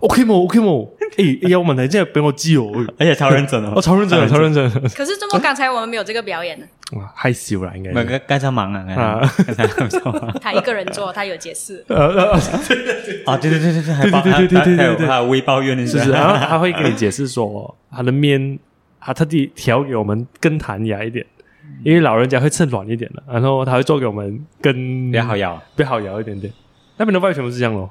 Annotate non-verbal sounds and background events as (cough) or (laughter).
O K 麼？O K 麼？誒、okay，有問題即係俾我知哦，而且超認真啊，我超認真，超認真，超認真，超認真。可是周末剛才我們沒有這個表演呢，害羞啦，應該，咁、啊、剛才忙啦，剛才做，他一個人做，他有解釋，啊，啊， (laughs) 啊，對對對對對，對，對，對，還有他，還有他微抱怨，其是實是，然後他會跟你解釋說， (laughs) 他的面，他特地調給我們更彈牙一點、嗯，因為老人家會趁軟一點的，然後他會做給我們更比較好咬，比較好咬、啊、一點點，那邊的外全部是這樣咯。